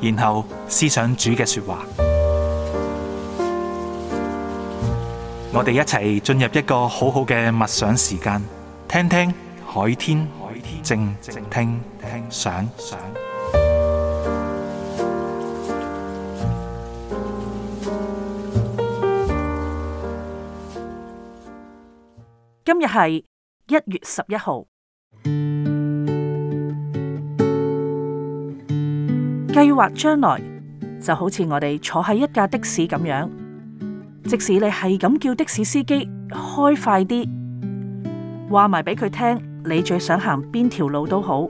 然後思想主嘅說話，嗯、我哋一齊進入一個好好嘅默想時間，聽聽海天靜聽聽想。今日係一月十一號。計劃將來就好似我哋坐喺一架的士咁樣，即使你係咁叫的士司機開快啲，話埋俾佢聽你最想行邊條路都好，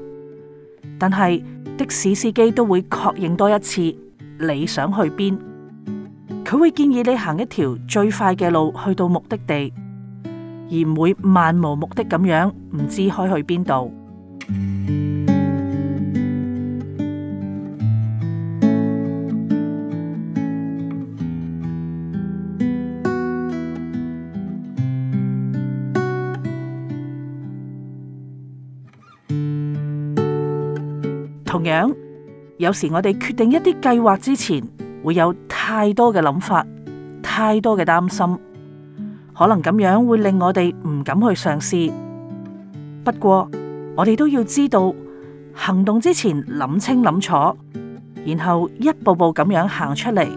但係的士司機都會確認多一次你想去邊，佢會建議你行一條最快嘅路去到目的地，而唔會漫無目的咁樣，唔知開去邊度。同樣，有時我哋決定一啲計劃之前，會有太多嘅諗法，太多嘅擔心，可能咁樣會令我哋唔敢去嘗試。不過，我哋都要知道，行動之前諗清諗楚，然後一步步咁樣行出嚟，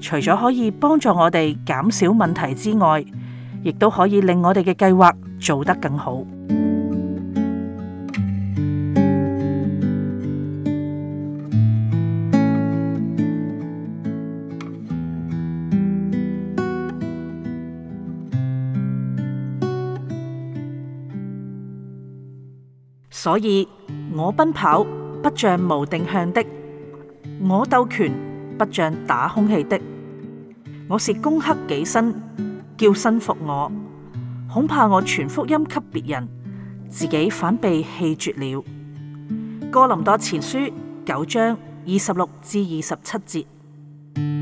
除咗可以幫助我哋減少問題之外，亦都可以令我哋嘅計劃做得更好。所以，我奔跑不像無定向的，我鬥拳不像打空氣的。我是攻克己身，叫身服我。恐怕我傳福音給別人，自己反被棄絕了。哥林多前書九章二十六至二十七節。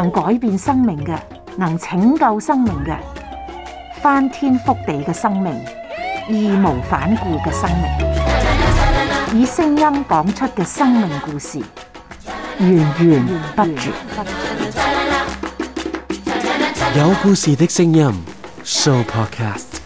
能改變生命嘅，能拯救生命嘅，翻天覆地嘅生命，義無反顧嘅生命，以聲音講出嘅生命故事，源源不絕。有故事的聲音，Show Podcast。